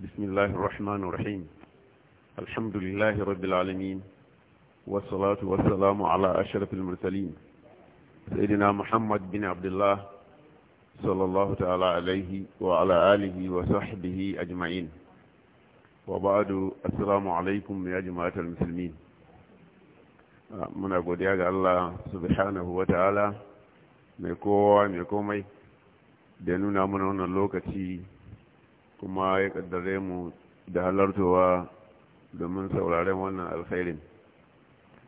بسم الله الرحمن الرحيم الحمد لله رب العالمين والصلاة والسلام على أشرف المرسلين سيدنا محمد بن عبد الله صلى الله تعالى عليه وعلى آله وصحبه أجمعين وبعد السلام عليكم يا جماعة المسلمين muna godiya ga Allah subhanahu wa ta'ala mai kowa mai komai da nuna mana wannan lokaci kuma ya kaddare mu da halartowa domin sauraren wannan alkhairin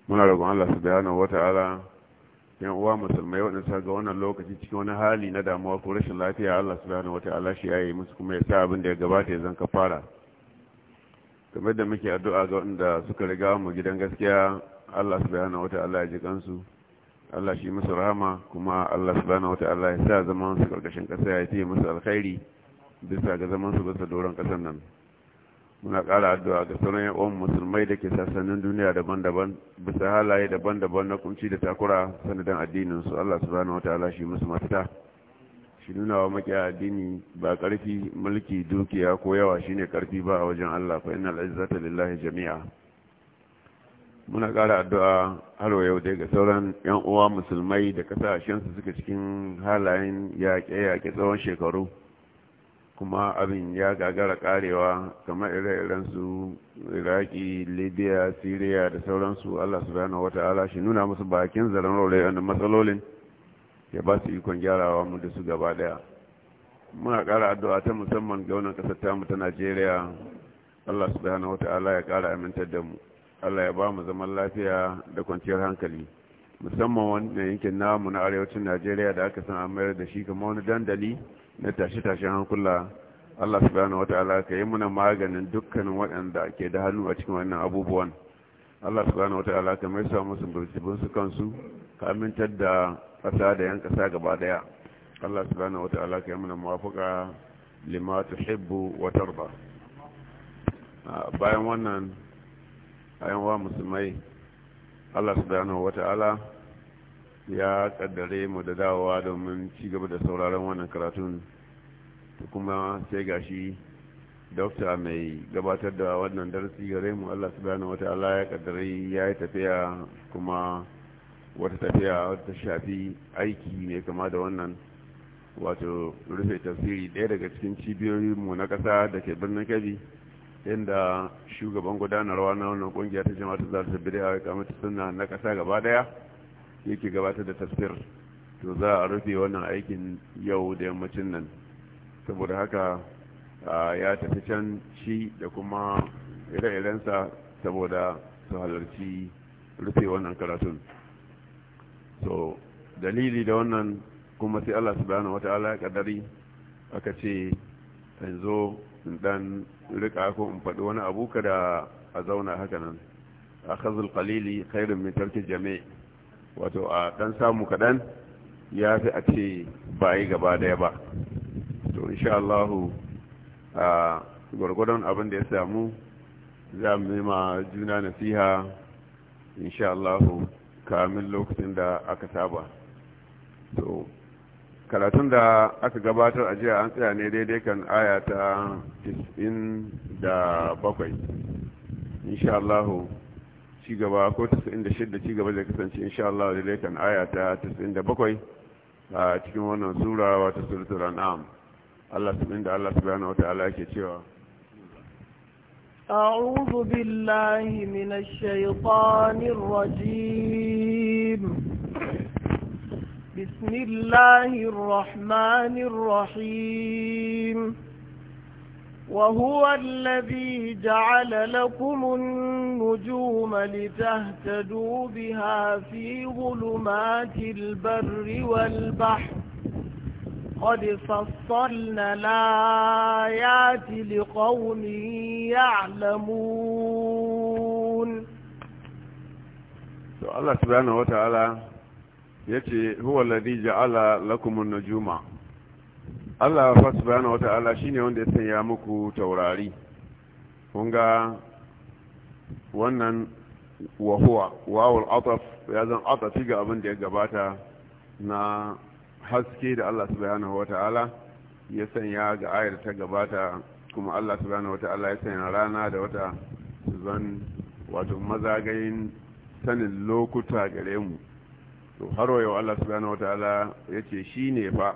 muna roƙon Allah subhanahu wata'ala yan uwa musulmai waɗansa ga wannan lokaci cikin wani hali na damuwa ko rashin lafiya Allah subhanahu wata'ala shi yayi musu kuma ya sa abin da ya gabata ya zanka fara kamar da muke addu'a ga wanda suka riga mu gidan gaskiya Allah subhanahu wata'ala ya ji kansu Allah shi musu rahama kuma Allah subhanahu wata'ala ya sa zaman su karkashin ƙasa ya yi musu alkhairi bisa ga zaman su bisa doron ƙasar nan muna ƙara addu'a ga sauran yan musulmai da ke sassanin duniya daban-daban bisa halaye daban-daban na kunci da takura sanadin addinin su Allah subhanahu wataala shi musu mafita shi nuna wa maƙiya addini ba ƙarfi mulki dukiya ko yawa shine ƙarfi ba a wajen Allah fa innal izzata lillahi jami'a muna ƙara addu'a har yau dai ga sauran yan uwa musulmai da kasashen su suke cikin halayen yaƙe-yaƙe tsawon shekaru kuma abin ya gagara karewa kamar ire-iren su iraki libya syria da sauransu allah subhanahu ta'ala) shi nuna musu bakin zaren raure wanda matsalolin ya ba su ikon gyarawa mu da su gaba daya muna kara addu'a ta musamman ga wannan kasar mu ta najeriya allah subhanahu ta'ala) ya kara amintar da mu allah ya ba mu zaman lafiya da kwanciyar hankali musamman wannan yankin namu na arewacin najeriya da aka san a mayar da shi kamar wani dandali na tashi-tashi hankula Allah bayanu wata'ala ka yi muna maganin dukkanin waɗanda ke da hannu a cikin wannan abubuwan Allah bayanu wata'ala ka mai sa musu burtsibin su kansu ka amintar da ƙasa da yan ƙasa gaba daya Allah bayanu wata'ala ka yi muna mafuka limatu tuhibbu wa tarda bayan wannan wa musulmai Allah wata wata'ala ya kaddare mu da dawowa domin ci gaba da sauraron wannan karatun kuma sai gashi dokta mai gabatar da wannan darasi gare mu Allah subhanahu ta'ala ya kaddare ya yi tafiya kuma wata tafiya wata shafi aiki ne kama da wannan wato rufe tafsiri ɗaya daga cikin cibiyoyi mu na ƙasa da ke birnin kebbi inda shugaban gudanarwa na wannan ƙungiya ta jama'a za ta bida kamar kamata suna na ƙasa gaba daya yake gabatar da tafsir to za a rufe wannan aikin yau da yammacin nan saboda haka ya tafi can shi da kuma ire-irensa saboda su halarci rufe wannan karatun so dalili da wannan kuma sai Allah subhanahu wata ya kadari aka ce in zo in dan rika ko in faɗi wani abu kada a zauna haka nan a khazul qalili khairun min tarki jami' wato a dan samu kaɗan ya fi a ce ba yi gaba daya ba to insha Allah a gwargwadon abin da ya samu za mu nema ma juna nasiha insha Allah kamin lokacin da aka saba to karatun da aka gabatar a jiya an tsaya ne daidai kan aya ta 97 insha Allah ci gaba ko 96 ci gaba zai kasance insha Allah daidai kan aya ta 97 a cikin wannan sura wata suratul an'am الله سبحانه وتعالى subhanahu أعوذ بالله من الشيطان الرجيم بسم الله الرحمن الرحيم وهو الذي جعل لكم النجوم لتهتدوا بها في ظلمات البر والبحر قد فصلنا الآيات لقوم يعلمون الله سبحانه وتعالى yace huwa alladhi ja'ala lakum an-nujuma Allah fa subhanahu wata'ala shine wanda ya sanya muku taurari Kunga wannan wa huwa wawul ataf ya zan atafi ga abin da ya gabata na haske da Allah subhanahu ta'ala ya sanya ga ayar ta gabata kuma Allah subhanahu ta'ala ya sanya rana da wata zan wato mazagayin sanin lokuta gare mu to har yau Allah subhanahu ya ce shi ne fa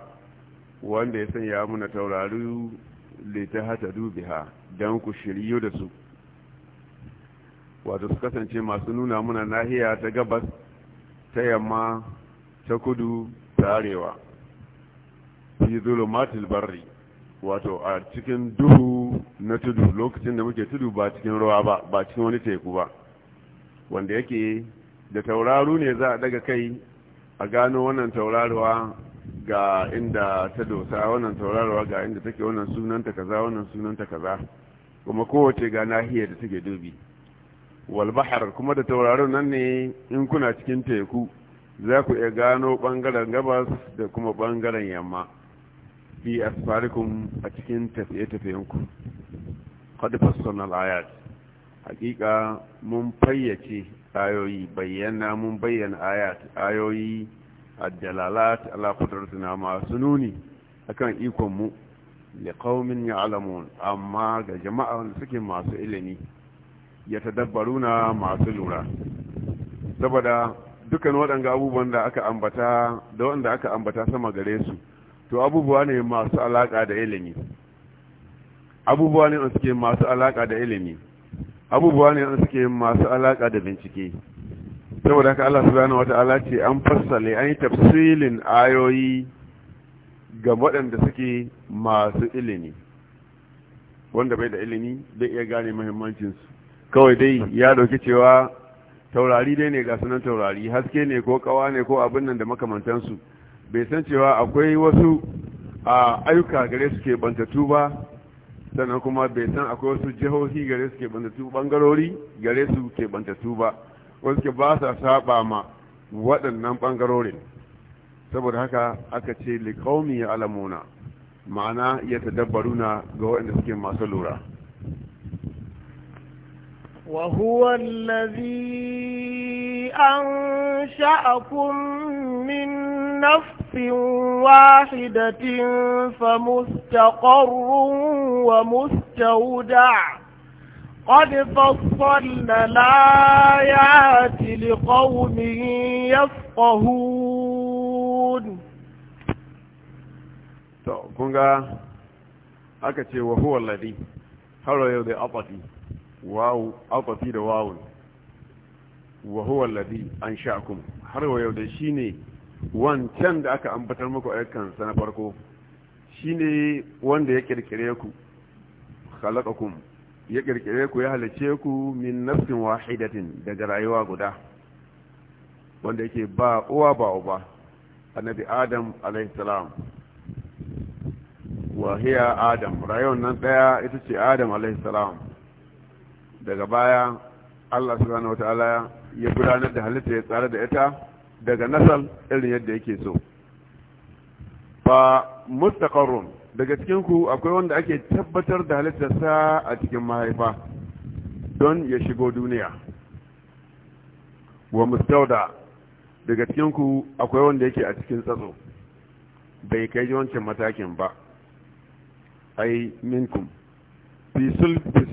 wanda ya sanya muna taurari lita hata dubiha don ku shiryu da su wato su kasance masu nuna muna nahiya ta gabas ta yamma ta kudu ta arewa fi zulumatil barri wato a cikin duhu na tudu lokacin da muke tudu ba cikin ruwa ba ba cikin wani teku ba wanda yake da tauraro ne za a daga kai a gano wannan tauraruwa ga inda ta dosa wannan tauraruwa ga inda take wannan sunanta kaza wannan sunanta kaza kuma kowace ga nahiyar da take dubi walbahar kuma da tauraron nan ne in kuna cikin teku za ku iya gano bangaren gabas da kuma bangaren yamma fi asfarikum a cikin tafiye-tafiyenku ku fassalna al-ayat hakika mun fayyace ayoyi bayyana mun bayyana ayat ayoyi a dalalat ala qudratina masu nuni akan ikon mu ya alamun amma ga jama'a suke masu ilimi na masu lura saboda dukkan waɗanga abubuwan da waɗanda aka ambata sama gare su to abubuwa ne masu alaka da ilimi abubuwa ne suke masu alaka da ilimi abubuwa ne suke masu alaka da bincike saboda haka Allah subhanahu wata'ala ce an fassale an yi tafsilin ayoyi ga waɗanda suke masu ilimi wanda bai da ilimi bai iya gane muhimmancinsu kawai dai ya dauki cewa taurari dai ne ga sunan taurari haske ne ko kawa ne ko abin nan da makamantansu bai san cewa akwai wasu a ayyuka gare suke bantatu ba sannan kuma bai san akwai wasu jihohi gare suke bantatu bangarori gare su ke ba wasu ke ba sa saba ma waɗannan bangarorin saboda haka aka ce likaumi ya alamuna ma'ana ya tadabbaruna ga waɗanda suke masu lura وهو الذي أنشأكم من نفس واحدة فمستقر ومستودع قد فصلنا الآيات لقوم يفقهون to kunga aka ce wa huwa alladhi har wawu akwafi da wawun wa huwa alladhi ansha'akum har wa yau da shine wancan da aka ambatar muku ayyukan sa na farko shine wanda ya kirkire ku khalaqakum ya kirkire ku ya halice ku min nafsin wahidatin daga rayuwa guda wanda yake ba uwa ba uba annabi adam alayhi salam wa hiya adam rayuwar nan daya ita ce adam alayhi salam daga baya Allah subhanahu wataala ya gudanar da halitta ya tsara da ita daga nasal irin yadda yake so fa mustaqarrun daga cikin akwai wanda ake tabbatar da halittarsa a cikin mahaifa don ya shigo duniya wa mustauda daga cikin akwai wanda yake a cikin tsatso bai kai yawancin matakin ba ai minkum fi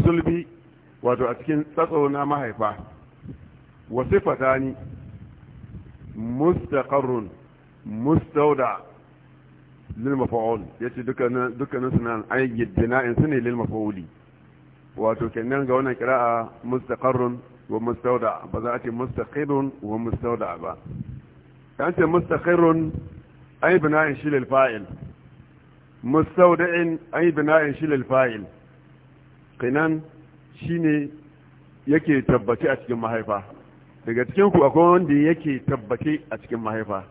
sulbi wato a cikin tsatso na mahaifa wa sifatani mustaqarrun mustawda lil mafa'ul yace dukkanin dukkanin sunan ayyid bina'in sune lil mafa'uli wato kenan ga wannan qira'a mustaqarrun wa mustawda ba za a ce mustaqirrun wa mustawda ba kan ce mustaqirrun ay bina'in shi lil fa'il mustawda'in ay bina'in shi lil fa'il qinan shine yake tabbace a cikin mahaifa daga cikin akwai wanda yake tabbace a cikin mahaifa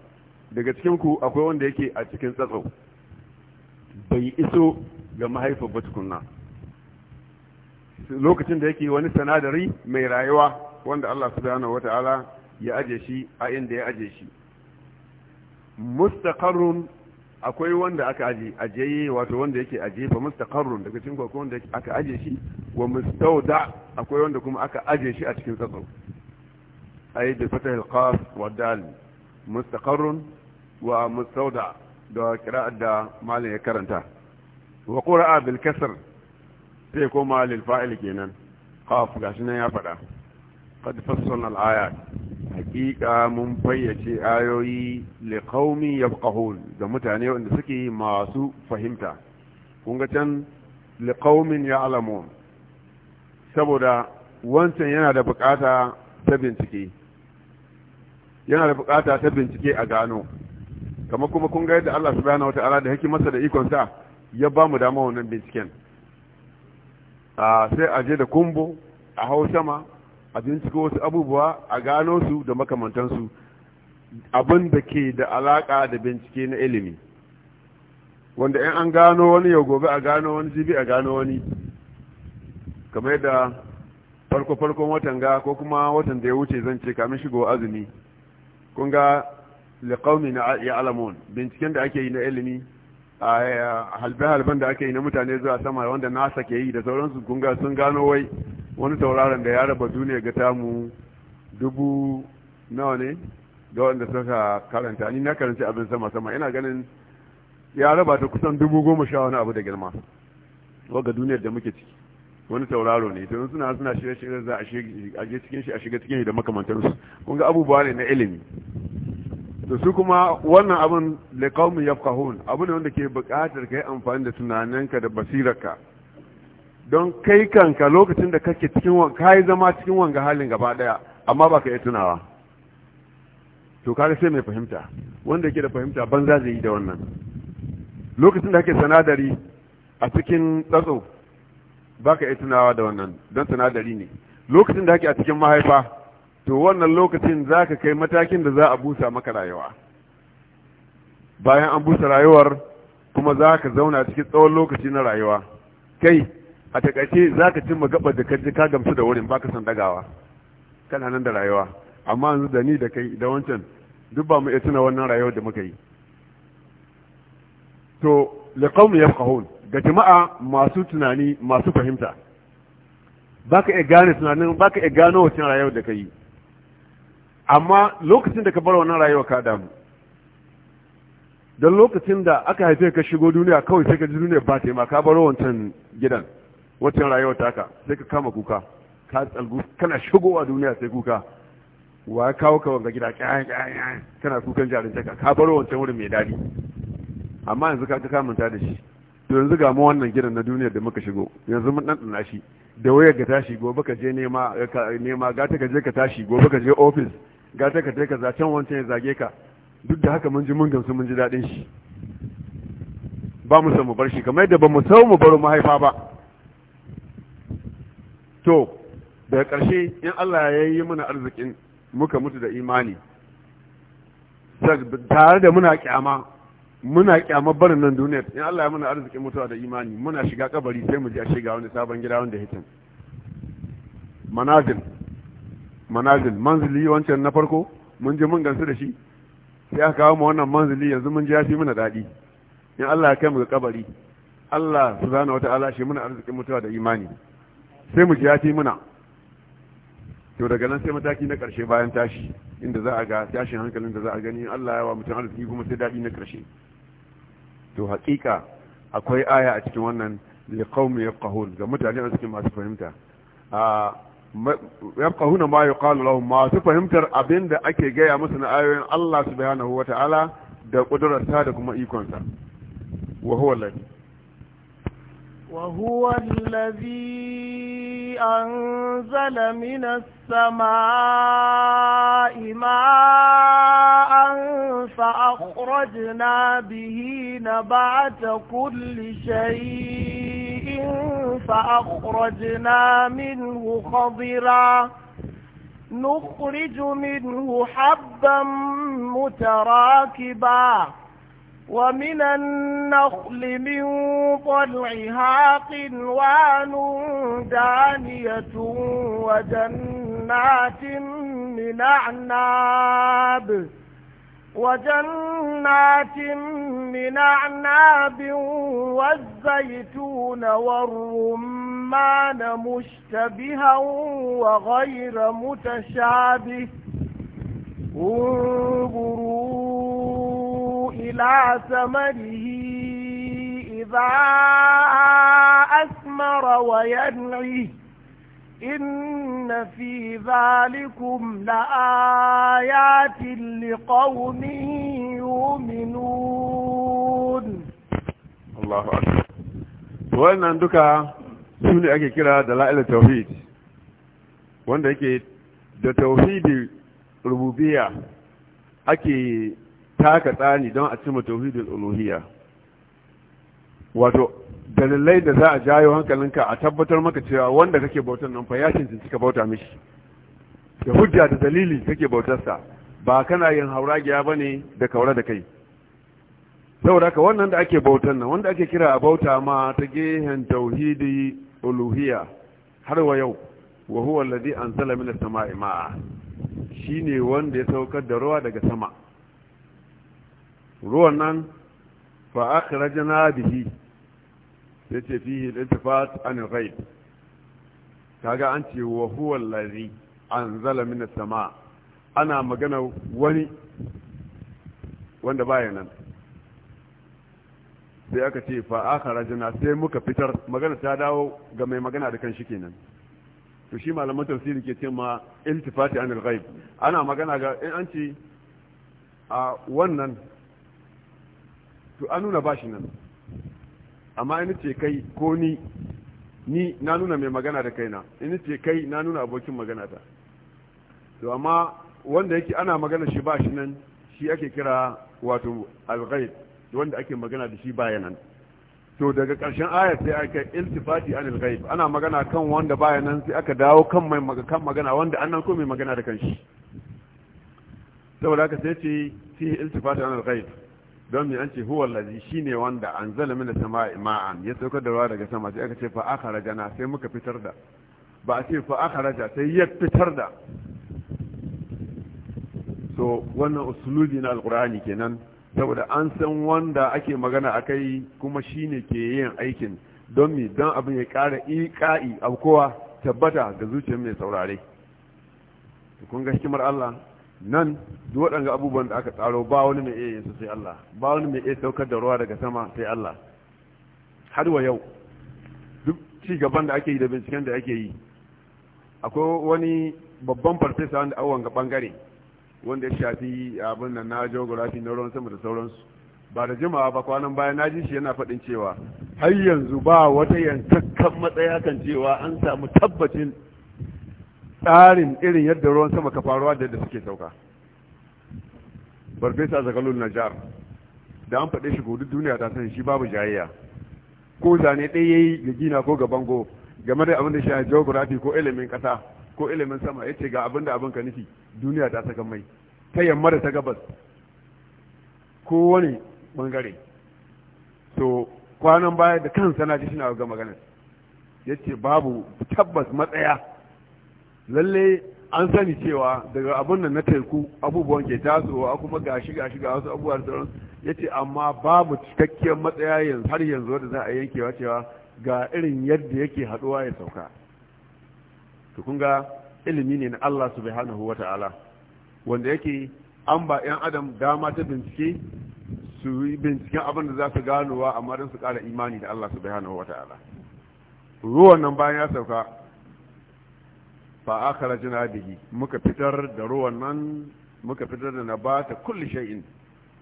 daga cikin akwai wanda yake a cikin tsatso bai iso ga mahaifa ba tukunna lokacin da yake wani sanadari mai rayuwa wanda Allah subhanahu wata'ala ya aje shi a inda ya aje shi mustaqarrun akwai wanda aka aje ajiye wato wanda yake ajiye fa mustaqarrun daga cikin ko wanda aka aje shi wa mustauda akwai wanda kuma aka aje shi a cikin tsatsau ay bi fatah al-qaf wa dal mustaqarrun wa mustauda da qira'at da malin ya karanta wa qura'a bil kasr sai ko lil fa'il kenan qaf gashi nan ya fada qad fassalna al-ayat hakika mun fayyace ayoyi li qaumi yafqahun da mutane wanda suke masu fahimta kun ga can li qaumin ya'lamun saboda wancan yana da bukata ta bincike yana da bukata ta bincike a gano kamar kuma kun ga yadda Allah subhanahu wata'ala da hikimarsa da ikon sa ya ba mu dama wannan binciken ah, a sai aje da kumbo a hau sama a binciko wasu abubuwa a gano su da makamantansu abin da ke da alaƙa da bincike na ilimi wanda in an gano wani yau gobe a gano wani jibi a gano wani kamar da farko-farkon watan ga ko kuma watan da ya wuce zan ce kamin shigo azumi kun ga liƙaumi na alamon binciken da ake yi na ilimi a halbe-halben da ake yi na mutane zuwa sama wanda nasa ke yi da sauransu kun ga sun gano wai wani tauraron da ya raba duniya ga tamu dubu nawa ne ga wanda suka karanta ni na karanci abin sama sama ina ganin ya raba ta kusan dubu goma sha wani abu da girma ga duniyar da muke ciki wani tauraro ne to suna suna shirye shirye za a je cikin shi a shiga cikin shi da makamantarsu kun ga abubuwa ne na ilimi to su kuma wannan abin liqaumin yafqahun abu ne wanda ke buƙatar yi amfani da tunaninka da basirarka don kai kanka lokacin da kake cikin ka yi zama cikin wanga halin gaba daya amma baka iya tunawa to kaga sai mai fahimta wanda yake da fahimta banza zai yi da wannan lokacin da kake sanadari a cikin tsatso baka yi tunawa da wannan don sanadari ne lokacin da kake a cikin mahaifa to wannan lokacin zaka kai matakin da za a busa maka rayuwa bayan an busa rayuwar kuma za ka zauna cikin tsawon lokaci na rayuwa kai a takaice za ka cimma gabar da kaji ka gamsu da wurin baka san dagawa kana nan da rayuwa amma yanzu da ni da kai da wancan duk ba mu iya tuna wannan rayuwar da muka yi to liqawmi yafqahun ga jama'a masu tunani masu fahimta baka iya gane tunanin baka iya gano wacin rayuwar da ka yi amma lokacin da ka bar wannan rayuwar ka damu don lokacin da aka haife ka shigo duniya kawai sai ka ji duniya ba ta yi ma ka baro wancan gidan wacce rayuwar taka sai ka kama kuka ka tsalgu kana shigowa duniya sai kuka wa ya kawo ka wanga gida kana kukan jarinta ka baro wancan wurin mai daɗi amma yanzu ka manta da shi to yanzu ga mu wannan gidan na duniya da muka shigo yanzu mun ɗanɗana shi da wayar ga tashi gobe ka je nema nema ga ta ka je ka tashi gobe ka je ofis ta ka je ka zacen wancan ya zage ka duk da haka mun ji mun gamsu mun ji daɗin shi ba mu san mu bar shi kamar yadda ba mu san mu baro mahaifa ba to daga ƙarshe in Allah ya yi mana arzikin muka mutu da imani tare da muna kyama muna kyama barin nan duniya in Allah ya mana arzikin mutuwa da imani muna shiga kabari sai mu je shiga wani sabon gida wanda hitin manazil manazil manzili wancan na farko mun je mun gansu da shi sai aka kawo mu wannan manzili yanzu mun ji ya fi mana daɗi in Allah ya kai mu ga kabari Allah subhanahu wataala shi muna arzikin mutuwa da imani sai mu ji ya fi muna to daga nan sai mataki na karshe bayan tashi inda za a ga tashin hankalin da za a gani Allah ya wa mutum arziki kuma sai daɗi na karshe to haƙiƙa akwai aya a cikin wannan liqaumi yafqahun ga mutane a cikin masu fahimta a yafqahuna ma yuqalu lahum masu fahimtar abinda ake gaya musu na ayoyin Allah subhanahu wata'ala da kudurarsa da kuma ikonsa wa huwa alladhi وهو الذي أنزل من السماء ماء فأخرجنا به نبعة كل شيء فأخرجنا منه خضرا نخرج منه حبا متراكبا ومن النخل من طلعها قنوان دانية وجنات من أعناب وجنات من أعناب والزيتون والرمان مشتبها وغير متشابه انظروا إلى ثمره إذا أثمر وينعيه إن في ذلكم لآيات لقوم يؤمنون الله أكبر وأن عندك سوني أكي كرا دلائل التوحيد وأن عندك da tauhidi rububiyya ake taka tsani don a cima tauhidul uluhiyya wato dalilai da za a jayo hankalinka a tabbatar maka cewa wanda kake bautar nan fa ya cancanci cika bauta mishi da hujja da dalili kake bautarsa ba kana yin giya ba ne da kaura da kai saboda ka wannan da ake bautar nan wanda ake kira a bauta ma ta gehen tauhidi uluhiyya har wa yau wa huwa alladhi anzala minas sama'i ma'a shine wanda ya saukar da ruwa daga sama ruwan nan fa akhrajna bihi yace fihi al-iltifat an al ta kaga an ce wa huwa allazi anzala min as-sama ana magana wani wanda baya nan sai aka ce fa akhrajna sai muka fitar magana ta dawo ga mai magana da kan shi kenan to shi malaman tafsiri ke ce ma iltifati anil ghaib ana magana ga in an ce a wannan to an nuna ba shi nan amma in ce kai ko ni ni na nuna mai magana da kaina in ce kai na nuna abokin magana ta to amma wanda yake ana magana shi ba shi nan shi ake kira wato alghaib wanda ake magana da shi baya nan to daga ƙarshen ayat sai aka iltifati al ghaib ana magana kan wanda baya nan sai aka dawo kan mai kan magana wanda annan ko mai magana da kanshi saboda haka sai ce fi iltifati al ghaib don mai an ce huwa lazi shi ne wanda an zala mina sama ma'an ya saukar da ruwa daga sama sai aka ce fa aka raja na sai muka fitar da ba a ce fa aka raja sai ya fitar da so wannan usuludi na alkur'ani kenan saboda an san wanda ake magana a kai kuma shi ne ke yin aikin don mi don abin ya kara iƙa'i abu kowa tabbata ga zuciyar mai saurare kun hikimar Allah nan duk waɗanda abubuwan da aka tsaro ba wani mai iya su sai Allah ba wani mai iya saukar da ruwa daga sama sai Allah har wa yau duk ci gaban da ake yi da binciken da ake yi akwai wani babban farfesa wanda awon ga bangare wanda ya shafi abin nan na geography na ruwan sama da sauransu ba da jimawa ba kwanan baya na ji shi yana faɗin cewa har yanzu ba wata yankakken matsaya kan cewa an samu tabbacin tsarin irin yadda ruwan sama ka faruwa da yadda suke sauka farfesa zagalun najar da an faɗe shi gudu duniya ta san shi babu jayayya ko zane ɗaya yayi ga gina ko ga bango game da abin da shi geography ko ilimin ƙasa ko ilimin sama ya ce ga abin da abin ka nufi duniya ta saka mai ta yamma da ta gabas ko wani bangare to kwanan baya da kansa na ji shi na ga maganar ce babu tabbas matsaya lalle an sani cewa daga abin da na teku abubuwan ke tasowa kuma gashi gashi ga wasu abubuwa da sauran yace amma babu cikakkiyar matsaya yanzu har yanzu wadda za a yankewa cewa ga irin yadda yake haduwa ya sauka to kun ga ilimi ne na Allah subhanahu ta'ala wanda yake an ba yan adam dama ta bincike su yi binciken abin da za su ganowa amma don su kara imani da Allah subhanahu ta'ala ruwan nan bayan ya sauka fa akhrajna bihi muka fitar da ruwan nan muka fitar da nabata kulli shay'in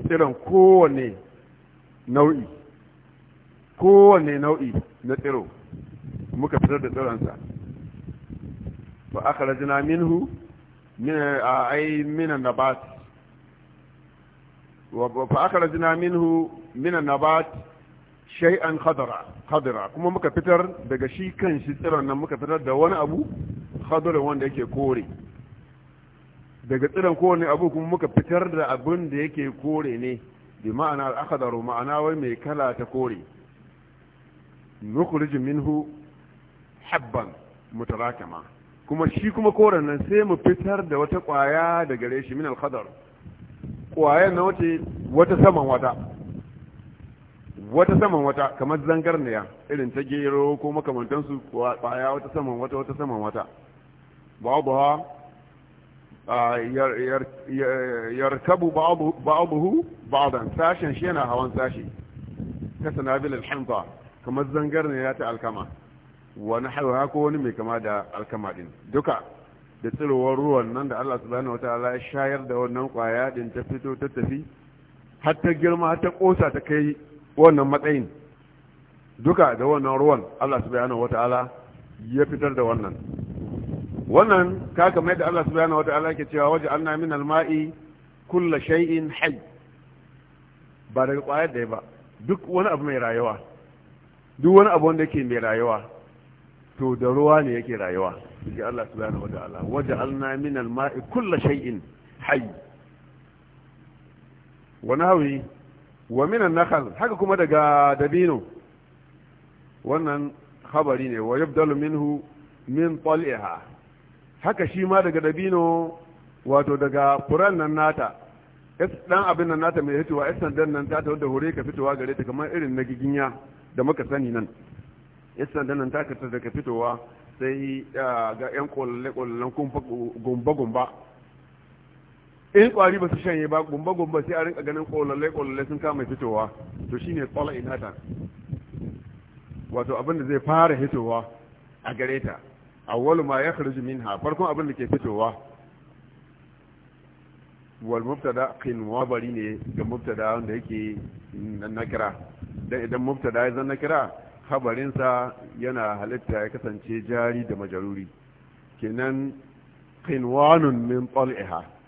tsiron kowane nau'i kowane nau'i na tsiro muka fitar da tsironsa fa akhrajna minhu min ai min nabat wa fa akhrajna minhu min nabat shay'an khadra khadra kuma muka fitar daga shi kan shi tsiron nan muka fitar da wani abu khadulun wanda yake kore daga tsiran kowane abu kuma muka fitar da abin da yake kore ne bi ma'ana al'akadaru ma'ana wai mai kala ta kore nukhrij minhu habban mutarakama kuma shi kuma koren nan sai mu fitar da wata kwaya daga gare shi min al-khadar kwayan na wata saman wata wata saman wata kamar ya irin ta gero ko makamantansu kwaya wata saman wata wata saman wata babu ha yarkabu ba'abuhu ba'dan sashen shi yana hawan sashi ta sanabil alhamza kamar ya ta alkama wani haihuwa ko wani mai kama da alkama din duka da tsirowar ruwan nan da Allah subhanahu wataala ya shayar da wannan kwaya din ta fito ta tafi har ta girma ta kosa ta kai wannan matsayin duka da wannan ruwan Allah subhanahu wata'ala ya fitar da wannan wannan ka mai da Allah subhanahu wata'ala yake cewa waje anna min alma'i kulla shay'in hayy ba daga kwayar da ba duk wani abu mai rayuwa duk wani abu wanda yake mai rayuwa to da ruwa ne yake rayuwa ji Allah subhanahu wata'ala waje alna min alma'i kulla shay'in hayy Wani nahwi wa minan nakhal haka kuma daga dabino wannan khabari ne wa yabdalu minhu min tal'iha haka shi ma daga dabino wato daga furan nan nata dan abin nan nata mai hitowa isan dan nan ta ta wadda hore ka fitowa gare ta kamar irin na giginya da muka sani nan isan dan nan ta ta daga fitowa sai ah, ga yan kun fa gumba gumba in kwari ba su shanye ba gumba gumba sai a rinka ganin kolalle kolalle sun kama fitowa to shine tsala inata wato abin da zai fara fitowa a gare ta awwalu ma yakhruju minha farkon abin da ke fitowa wal mubtada qinwa bari ne ga mubtada wanda yake nan nakira dan idan mubtada ya na kira sa yana halitta ya kasance jari da majaruri kenan qinwanun min tal'iha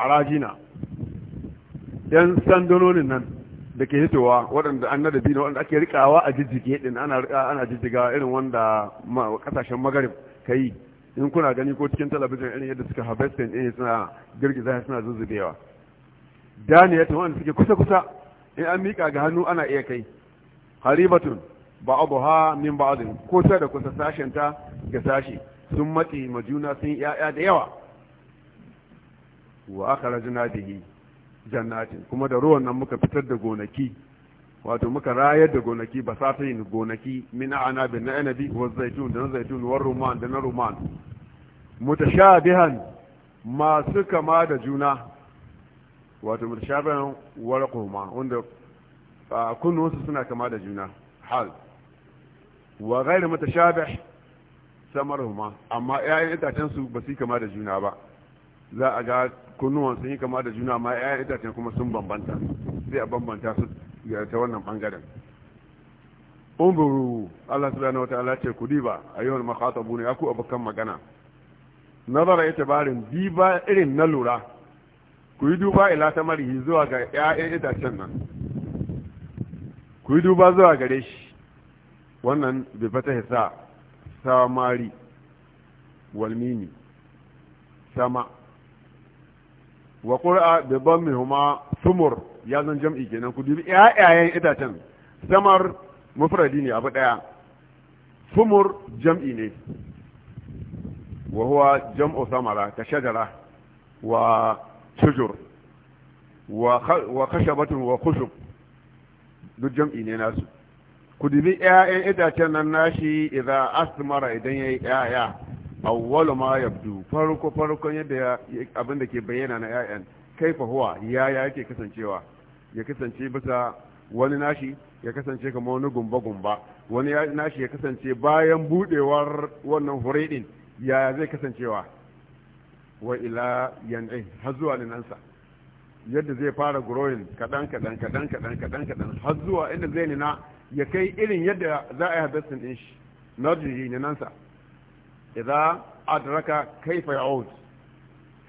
arajina yan sandunonin nan da ke hitowa waɗanda an nada na waɗanda ake rikawa a jijjige ɗin ana ana jijjiga irin wanda ƙasashen magarib yi in kuna gani ko cikin talabijin irin yadda suka harvesting ɗin suna girgiza suna dani ya wanda suke kusa kusa in an miƙa ga hannu ana iya kai haribatun ha min ba'd ko ta da kusa sashen ta ga sashi sun matsi majuna sun yaya da yawa wa akhrajna bihi jannatin kuma da ruwan nan muka fitar da gonaki wato muka rayar da gonaki ba sa ta yin gonaki min anabin na anabi wa zaitun da na zaitun wa ruman da na ruman mutashabihan masu kama da juna wato mutashabihan kuma wanda kunnuwansu suna kama da juna hal wa ghairu mutashabih samarhuma amma ƴaƴan itacen su ba su kama da juna ba za a ga kunnuwan sun yi kama da juna ma ya itacen kuma sun bambanta sai a bambanta su ta wannan bangaren umburu Allah subhanahu wataala ce ku diba ayyuhal mukhatabuna ya ku abakan magana nazara itibarin diba irin na lura ku yi duba ila marihi zuwa ga ƴaƴan itacen nan ku yi duba zuwa gare shi wannan bi fata hisa samari walmini sama wa qur'a bi dhammihuma thumur ya zan jam'i kenan ku dubi ƴaƴayen itacen samar mufradi ne abu daya thumur jam'i ne wa huwa jam'u samara ka shajara wa shujur wa khashabatun wa khushub duk jam'i ne nasu ku dubi ƴaƴan itacen nan nashi idza asmara idan yayi ayaya awwalu ma yabdu farko farko yadda abin da ke bayyana na kai fa huwa ya yake kasancewa ya kasance bisa wani nashi ya kasance kamar wani gumba gumba wani nashi ya kasance bayan budewar wannan hure din ya zai kasancewa wa ila yan'ai har zuwa ninansa yadda zai fara growing kadan kadan kadan kadan kadan kadan har zuwa inda zai nina ya kai irin yadda za a yi harvesting din shi na ninansa idza adraka kaifa ya'ud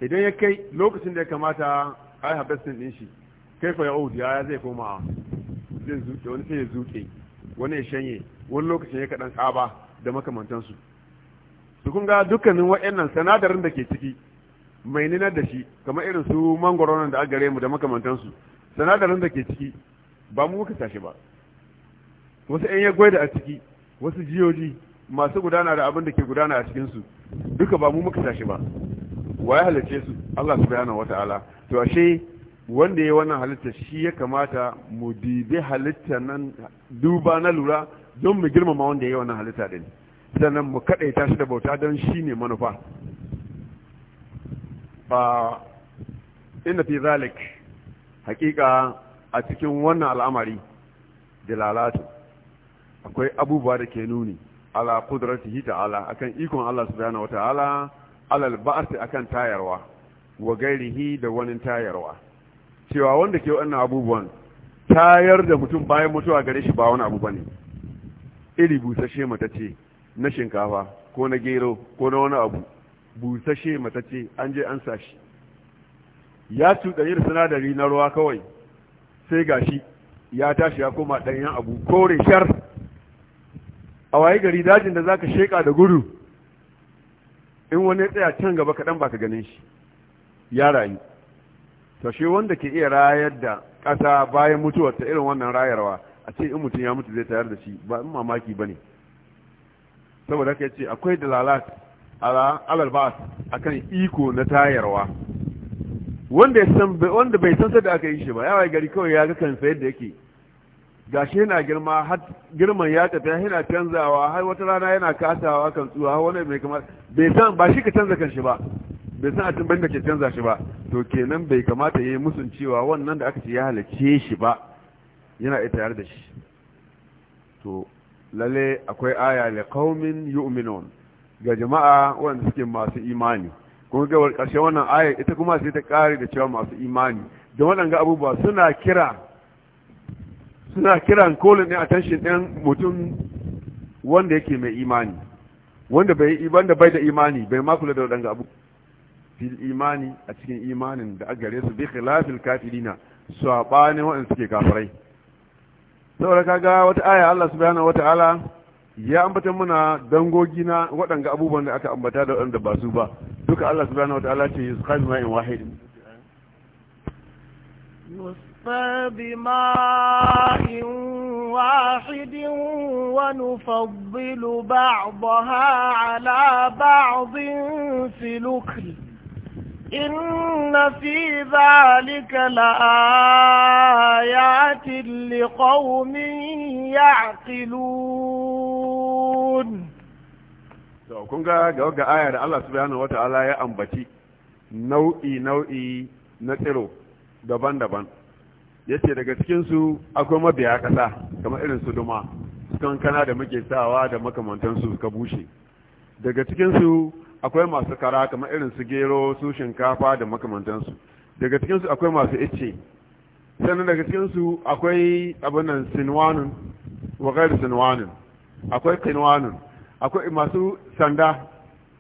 idan ya lokacin da ya kamata ai habbasin din shi kaifa ya'ud ya zai koma zai zuke wani sai ya zuke wani ya shanye wani lokacin ya kadan tsaba da makamantansu su kun ga dukkanin waɗannan sanadarin da ke ciki mai ninar da shi kamar irin su mangoro da aka gare mu da makamantansu sanadarin da ke ciki ba mu muka tashi ba wasu 'yan ya da a ciki wasu jiyoji masu gudana da abin da ke gudana a cikinsu duka ba mu muka tashi ba wa ya halarce su Allah subhanahu wata'ala to ashe wanda ya wannan halitta shi ya kamata mu dibe halitta nan duba na lura don mu girmama wanda ya wannan halitta din sannan mu kadaita shi da bauta don shi ne manufa ba inna fi zalik hakika a cikin wannan al'amari dalalatu akwai abubuwa da ke nuni ala qudratihi ta'ala akan ikon Allah subhanahu wata'ala alal ba'ati akan tayarwa wa gairihi da wani tayarwa cewa wanda ke wannan abubuwan tayar da mutum bayan mutuwa gare shi ba wani abu bane iri busashe mata ce na shinkafa ko na gero ko na wani abu busashe mata ce an je an sashi ya cuɗanyi da sinadari na ruwa kawai sai gashi ya tashi ya koma ɗanyen abu kore shar a waye gari dajin da zaka sheka da gudu in wani tsaya can gaba kaɗan baka ganin shi ya rayu to shi wanda ke iya rayar da kasa bayan mutuwar ta irin wannan rayarwa a ce in mutum ya mutu zai tayar da shi ba in mamaki ba ne saboda haka ce akwai dalalat alal a akan iko na tayarwa wanda bai san sai da aka yi shi ba ya wai gari kawai ya ga kansa yadda yake shi yana girma har girman ya tafiya yana canzawa har wata rana yana kasawa kan tsuwa har wani mai kamar bai san ba shi ka canza kanshi ba bai san atin banda ke canza shi ba to kenan bai kamata yayi musun cewa wannan da aka ce ya halace shi ba yana ita yar da shi to lalle akwai aya li qaumin yu'minun ga jama'a wanda suke masu imani kuma ga karshen wannan aya ita kuma sai ta kare da cewa masu imani da waɗanga abubuwa suna kira suna kiran kolin ne attention ɗin mutum wanda yake mai imani wanda bai wanda bai da imani bai ma kula da wadanga abu fil imani a cikin imanin da aka gare su bi khilafil kafirina sabanin wa'in suke kafirai saboda kaga wata aya Allah subhanahu wata'ala ya ambata muna dangogi na waɗanga abubuwan da aka ambata da waɗanda ba su ba duka Allah subhanahu wata'ala ce yusqal ma'in wahid بماء واحد ونفضل بعضها على بعض في لكل إن في ذلك لآيات لقوم يعقلون to kun ga ga ga aya da Allah subhanahu wataala ya ambaci nau'i nau'i na tsiro daban-daban yace daga cikin su akwai mabiya kasa kamar irin su duma kan kana da muke sawa da makamantan su ka bushe daga cikin su akwai masu kara kamar irin su gero su shinkafa da makamantan su daga cikin su akwai masu ice sannan daga cikin su akwai abin nan sinwanun wa ghairu sinwanun akwai kinwanun akwai masu sanda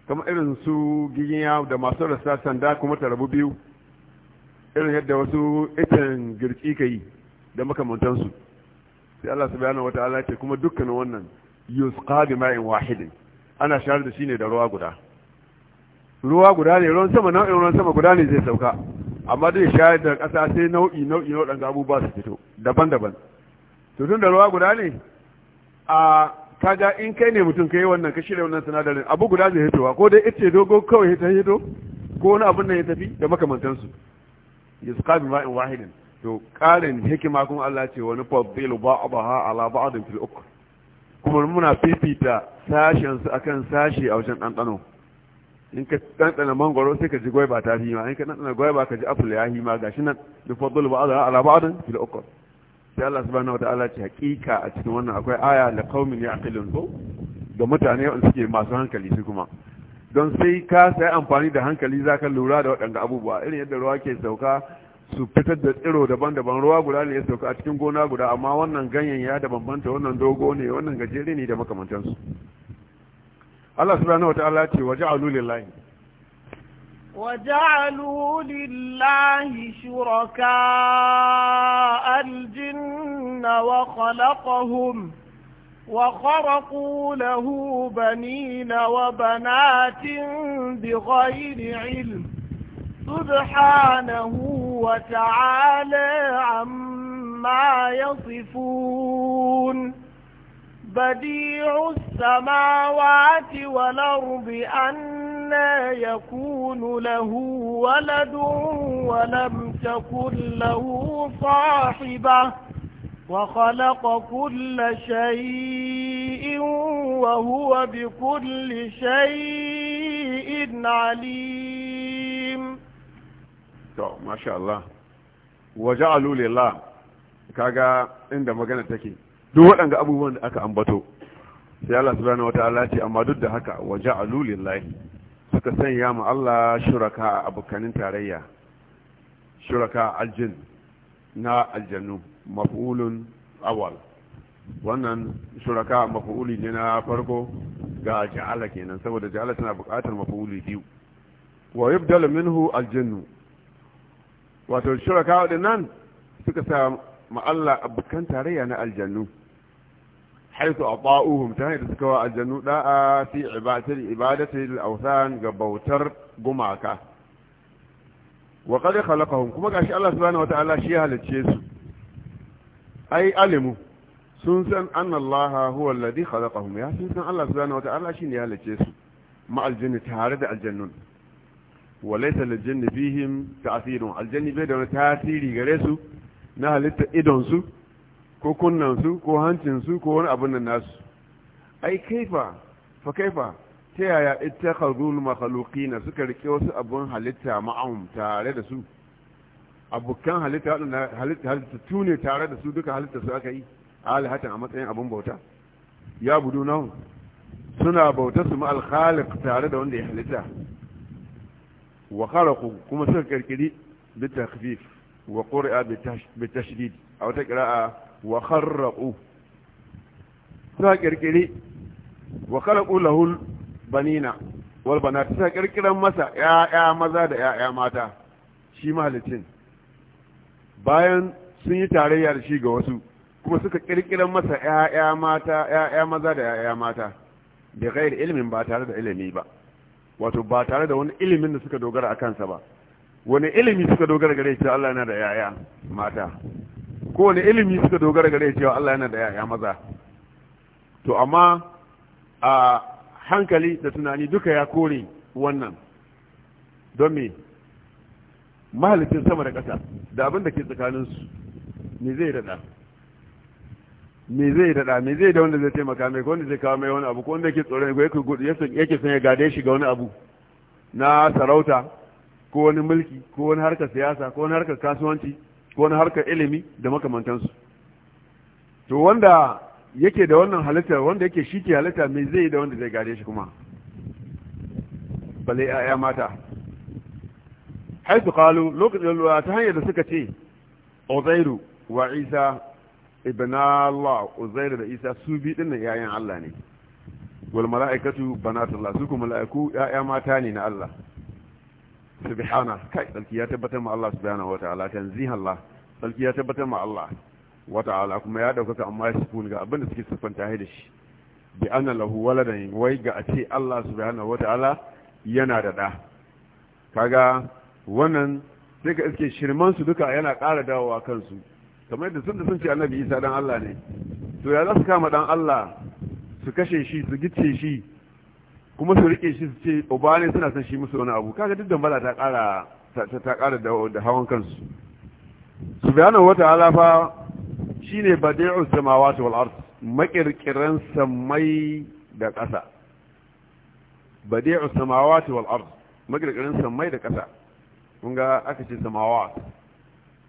kamar irin su giginya da masu rasa sanda kuma tarabu biyu irin yadda wasu itin girki ka yi da makamantansu sai Allah wata ala ce kuma dukkanin wannan yusqa bi ma'in wahidin ana shayar da shi ne da ruwa guda ruwa guda ne ruwan sama nau'in ruwan sama guda ne zai sauka amma dai shayar da ƙasa sai nau'i nau'i nau'in abubuwa su fito daban-daban to tun da ruwa guda ne a kaga in kai ne mutum kai wannan ka shirya wannan sinadarin abu guda zai hitowa ko dai ce dogo kawai ta hito ko wani abin nan ya tafi da makamantansu yusqa bi ma'in wahidin to karin hikima kuma Allah ce wani fadilu ba'daha ala ba'din fil ukr kuma muna fifita sashen su akan sashi a wajen ɗanɗano in ka ɗanɗana mangoro sai ka ji gwaiba ta fi ma in ka ɗanɗana gwaiba ka ji apple ya fi ma gashi nan bi fadilu ba'daha ala ba'din fil ukr sai Allah subhanahu wataala ce hakika a cikin wannan akwai aya da qaumin ya'qilun ko da mutane wanda suke masu hankali su kuma don sai ka sai amfani da hankali za ka lura da waɗanda abubuwa irin yadda ruwa ke sauka su fitar da tsiro daban-daban ruwa guda ne ya sauka a cikin gona guda amma wannan ganyen ya da bambanta wannan dogo ne wannan gajere ne da makamantansu Allah subhanahu Ta'ala ce waje lillahi وجعلوا لله شركاء wa وخلقهم وخرقوا له بنين وبنات بغير علم سبحانه وتعالى عما يصفون بديع السماوات والأرض أنا يكون له ولد ولم تكن له صاحبه وخلق كل شيء وهو بكل شيء عليم to masha Allah waja'alu lillah kaga inda magana take duk waɗanda abubuwan da aka ambato sai Allah subhanahu wata'ala ce amma duk da haka waja'alu lillahi suka sanya ma Allah shuraka abokanin tarayya shuraka aljin na aljanu maf'ulun awal wannan shuraka maf'uli ne na farko ga ja'ala kenan saboda ja'ala tana buƙatar maf'uli biyu wa yubdalu minhu aljannu wato shuraka nan? suka sa ma'alla abukan tarayya na aljannu haitu a ba'uhum ta hanyar suka wa aljannu da'a fi ibadatar ibadatar ga bautar gumaka wa qad khalaqahum kuma gashi Allah subhanahu wata'ala shi ya halicce su ai alimu sun san anna Allah huwa alladhi khalaqahum ya sun san Allah subhanahu wata'ala shi ne ya halicce su ma aljanni tare da aljannun wa laysa lil jinni fihim ta'thirun aljanni bai da wani tasiri gare su na halitta idon su ko kunnan su ko hancin su ko wani abun nan nasu ai kaifa fa kaifa ta yaya ita ittakhadhul makhluqina suka rike wasu abun halitta ma'am tare da su abukan halitta wadanda halitta halitta tune tare da su duka halitta su aka yi alihatan a matsayin abun bauta ya budu nahu suna bauta su ma'al khaliq tare da wanda ya halitta wa kharaqu kuma suka kirkiri bi takhfif wa qur'a bi tashdid a wata qira'a wa kharaqu suka kirkiri wa kharaqu lahul banina wal bana ta kirkiran masa ya'ya maza da ya'ya mata shi mahalicin bayan sun yi tarayya da shi ga wasu kuma suka kirkiran masa ya'ya mata ya'ya maza da ya'ya mata da ghairi ilimin ba tare da ilimi ba wato ba tare da wani ilimin da suka dogara a kansa ba wani ilimi suka dogara gare cewa Allah yana da yaya mata ko wani ilimi suka dogara gare cewa Allah yana da yaya maza to amma a hankali da tunani duka ya kore wannan don me mahalicin sama da ƙasa da abin da ke tsakaninsu me zai daɗa me zai daɗa me zai da wanda zai taimaka mai ko wanda zai kawo mai wani abu ko wanda yake tsoron yake son ya gade shi ga wani abu na sarauta ko wani mulki ko wani harkar siyasa ko wani harkar kasuwanci ko wani harkar ilimi da makamantansu to wanda yake da wannan halitta wanda yake shi ke halitta mai zai da wanda zai gare shi kuma bale ya mata haitu kalu lokacin lura ta hanyar da suka ce ozairu wa isa ibn allah uzairu da isa su bi dinnan yayan allah ne wal mala'ikatu banatullah su kuma mala'iku ya'ya mata ne na allah subhana kai sarki ya tabbatar ma allah subhanahu wa ta'ala tanzihan allah sarki ya tabbatar ma allah wata'ala kuma ya ɗaukaka amma ya sifuni ga abinda suke siffanta da shi bi anna lahu waladan wai ga a ce Allah subhanahu wata'ala yana da da kaga wannan sai ka iske shirman su duka yana ƙara dawowa kansu kamar yadda sun da sun ce annabi isa dan Allah ne to ya za su kama dan Allah su kashe shi su gice shi kuma su rike shi su ce uba suna son shi musu wani abu kaga duk bala ta ƙara ta ƙara da hawan kansu subhanahu wata'ala fa shine badi'us samawati wal ard makirkiran samai da ƙasa badi'us samawati wal ard makirkiran samai da ƙasa kun ga aka ce samawat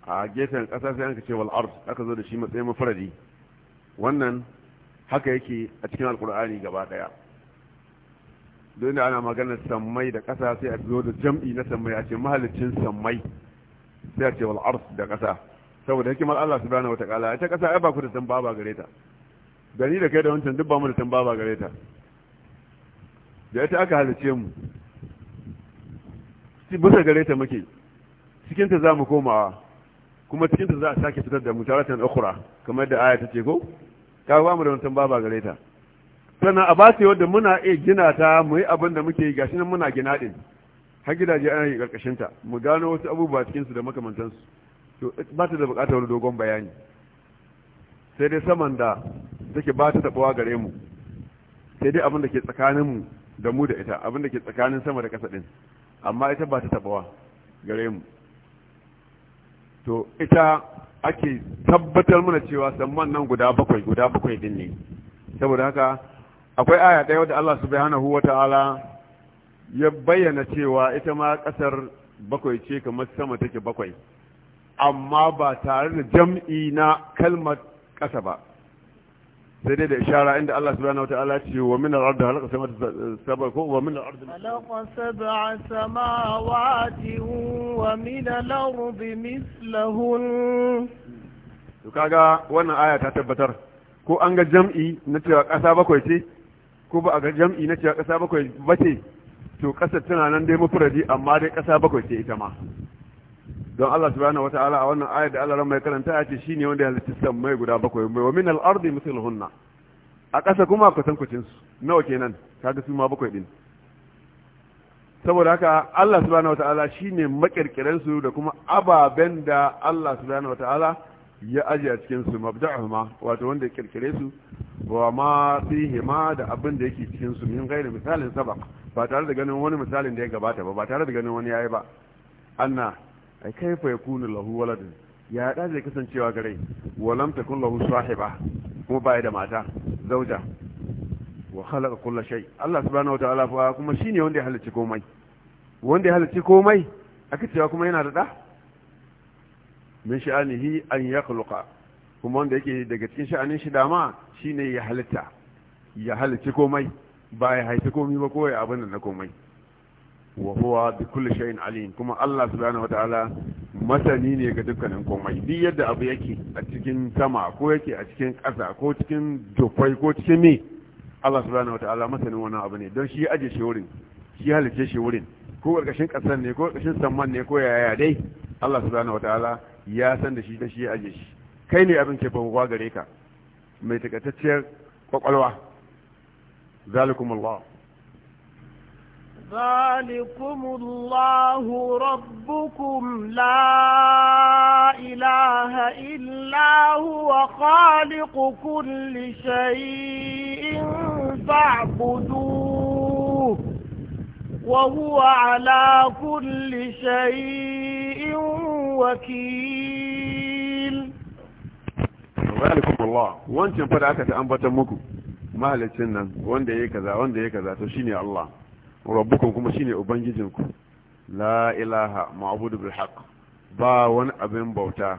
a gefen ƙasa sai ka ce wal aka zo da shi matsayin mafaradi wannan haka yake a cikin Alƙur'ani gaba daya don ana maganar sammai da ƙasa sai a zo da jam'i na sammai a ce mahalicin sammai sai a ce wal'ars da ƙasa saboda hikimar Allah subhanahu wataala ita kasa ai ba ku da tamba ba gare ta gani da kai da wancan duk ba mu da tamba ba gare ta da ita aka halice mu bisa gare ta muke cikin ta zamu komawa kuma cikin ta za a sake fitar da mu ukhra kamar da aya ta ce ko ka ba mu da wancan ba ba gare ta sannan a bace yadda muna iya gina ta mu yi abin da muke yi gashi nan muna gina din har gidaje ana yi karkashin ta mu gano wasu abubuwa cikin su da makamantansu ba ta da bukatar wani dogon bayani sai dai saman da take ba ta taɓuwa gare mu sai dai abin da ke tsakanin mu da mu da ita abin da ke tsakanin sama da ƙasa ɗin amma ita ba ta taɓuwa gare mu to ita ake tabbatar mana cewa saman nan guda bakwai guda bakwai din ne saboda haka akwai aya ɗaya wadda Allah subhanahu ta'ala ya bayyana cewa ita ma ƙasar bakwai ce kamar sama take bakwai amma ba tare da jam'i na kalmar ƙasa ba sai dai da ishara inda Allah subhanahu wataala ce wa min al da halqa samawati sabar ko wa min al-ard halqa sab'a samawati wa min al-ard mislahun to kaga wannan aya ta tabbatar ko an ga jam'i na cewa ƙasa bakwai ce ko ba a ga jam'i na cewa ƙasa bakwai ba ce to ƙasa tana nan dai mufradi amma dai ƙasa bakwai ce ita ma don Allah subhanahu wata'ala a wannan ayat da Allah ran mai karanta ya ce shine wanda ya halitta sammai guda bakwai wa min al-ardi mithluhunna a ƙasa kuma kusan kucin su nawa kenan kaga su ma bakwai din saboda haka Allah subhanahu wata'ala shine makirkiran su da kuma ababen da Allah subhanahu wata'ala ya aje a cikin su mabda'uhuma wato wanda ya kirkire su wa ma ma da abin da yake cikin su min gairi misalin sabaq ba tare da ganin wani misalin da ya gabata ba ba tare da ganin wani yayi ba anna ai kaifa yakunu lahu waladun ya da zai kasancewa gare walam takun lahu sahiba kuma baya da mata zauja wa khalaqa kull shay Allah subhanahu wataala fa kuma shine wanda ya halicci komai wanda ya halicci komai aka cewa kuma yana da da min sha'anihi an yakhluqa kuma wanda yake daga cikin sha'anin shi dama shine ya halitta ya halicci komai ba ya haifi komai ba ko ya abin da na komai wa huwa bi kulli shay'in alim kuma Allah subhanahu wataala masani ne ga dukkanin komai duk yadda abu yake a cikin sama ko yake a cikin ƙasa ko cikin dufai ko cikin me Allah subhanahu wataala masani wannan abu ne don shi aje shi wurin shi halice shi wurin ko ƙarƙashin ƙasar ne ko ƙarƙashin samman ne ko yaya dai Allah subhanahu wataala ya san da shi da shi aje shi kai ne abin ke banwa gare ka mai takaitacciyar kwakwalwa zalikumullah ذلكم الله ربكم لا إله إلا هو خالق كل شيء فاعبدوه وهو على كل شيء وكيل ذلكم الله وانتم فدعك تأنبت مكو mahalicin nan wanda ya kaza wanda ya kaza rabbukum kuma shine ubangijinku la ilaha ma'budu bil haqq ba wani abin bauta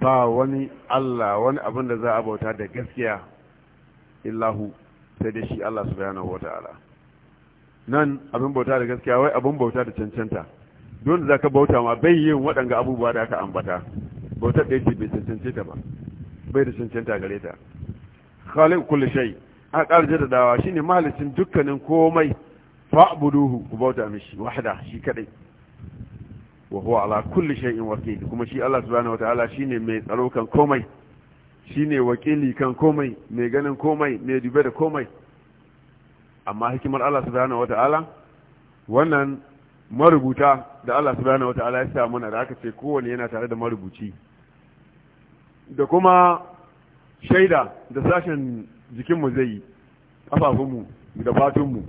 ba wani Allah wani abin da za a bauta da gaskiya illahu sai da shi Allah subhanahu wataala nan abin bauta da gaskiya wai abin bauta da cancanta don za ka bauta ma bai yin waɗanga abubuwa da aka ambata bautar da yake bai cancance ta ba bai da cancanta gare ta khaliq kulli shay a ƙarshe da dawa shine mahalicin dukkanin komai fa’abuduhu ku bauta mishi wahda shi kadai wa huwa ala kulli shay'in wakil kuma shi Allah subhanahu wataala shine mai tsaro kan komai shine wakili kan komai mai ganin komai mai dube da komai amma hikimar Allah subhanahu wataala wannan marubuta da Allah subhanahu wataala ya sa mana da aka ce kowane yana tare da marubuci da kuma shaida da sashen jikinmu zai yi ƙafafunmu da batunmu.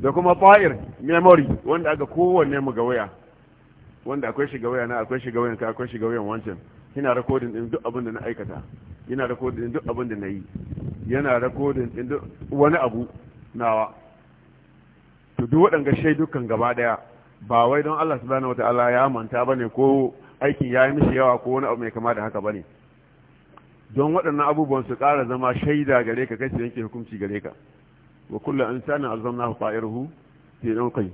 da kuma fa'ir memory wanda aka kowanne mu ga waya wanda akwai shiga waya na akwai shiga wayan ka akwai shiga wayan wancan yana recording din duk abin da na aikata yana recording din duk abin da na yi yana recording din duk wani abu nawa to duk waɗanga shaidukan gaba daya ba wai don Allah subhanahu wataala ya manta bane ko aikin ya yi mishi yawa ko wani abu mai kama da haka bane don waɗannan abubuwan su ƙara zama shaida gare ka kai su yanke hukunci gare ka وكل إنسان ألزمناه a في عنقه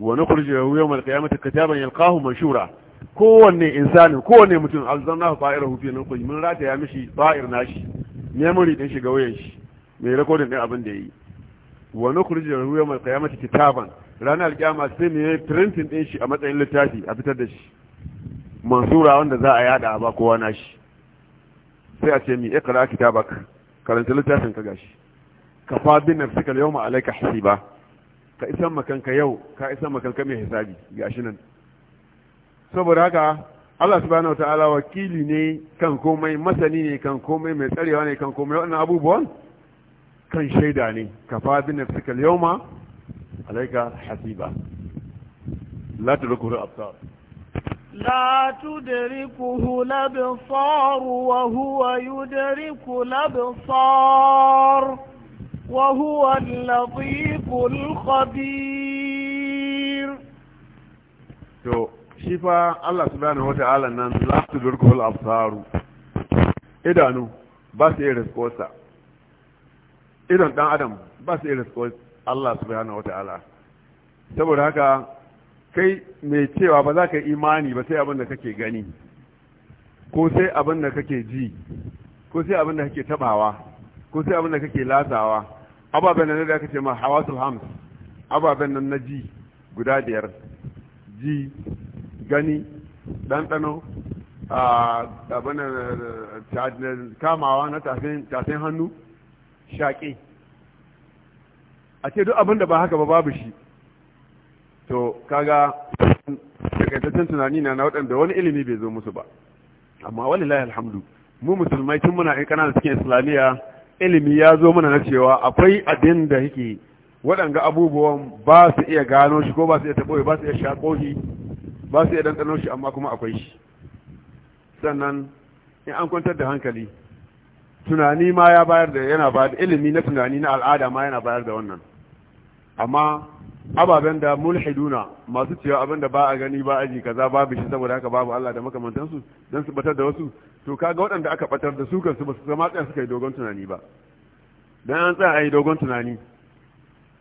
ونخرج له يوم القيامة كتابا يلقاه منشورا kowanne insani kowanne mutum alzanna fa ta'irahu fi nan kun mun rata ya mishi ta'ir nashi memory din shiga wayan shi mai recording din abin da yayi wa nukhriju lahu yawm al-qiyamati kitaban ranar alkiyama sai ne printing din shi a matsayin littafi a fitar da shi mansura wanda za a yada ba kowa nashi sai a ce mi ikra kitabak karanta littafin ka gashi ka fa bi nafsika yawma alaika hasiba ka isan makanka yau ka isan makanka mai hisabi shi nan saboda haka Allah subhanahu ta'ala wakili ne kan komai masani ne kan komai mai tsarewa ne kan komai wannan abubuwan kan shaida ne ka fa bi nafsika yawma alayka hasiba la tudrikuhu al-absar لا تدركه الابصار وهو يدرك الابصار وهو اللطيف الخبير to shi fa Allah وتعالى wata'ala nan تدرك الابصار ادانو بس idanu ba su yi بس يرسكوس الله adam ba su yi Allah saboda haka kai mai cewa ba za ka imani ba sai abin da kake gani ko sai abin da kake ji ko sai abin da kake tabawa ko sai abin da kake ababen nan da aka ce ma hawasul hams ababen nan na ji guda biyar ji gani ɗanɗano kamawa na tafin hannu shaƙe a ce duk abinda ba haka ba babu shi to kaga takaitaccen tunani na na waɗanda wani ilimi bai zo musu ba amma wani alhamdu mu musulmai tun muna in kana cikin islamiyya ilimi ya zo mana na cewa akwai abin da yake waɗanga abubuwan ba su iya gano shi ko ba su iya taɓo ba su iya shaƙo shi ba su iya ɗanɗano shi amma kuma akwai shi sannan in an kwantar da hankali tunani ma ya bayar da yana bayar da ilimi na tunani na al'ada ma yana bayar da wannan amma ababen da mulhiduna masu cewa abin da ba a gani ba a ji kaza babu shi saboda haka babu Allah da makamantansu don su batar da wasu to kaga waɗanda aka batar da su kansu ba su zama tsaya suka yi dogon tunani ba dan an tsaya a dogon tunani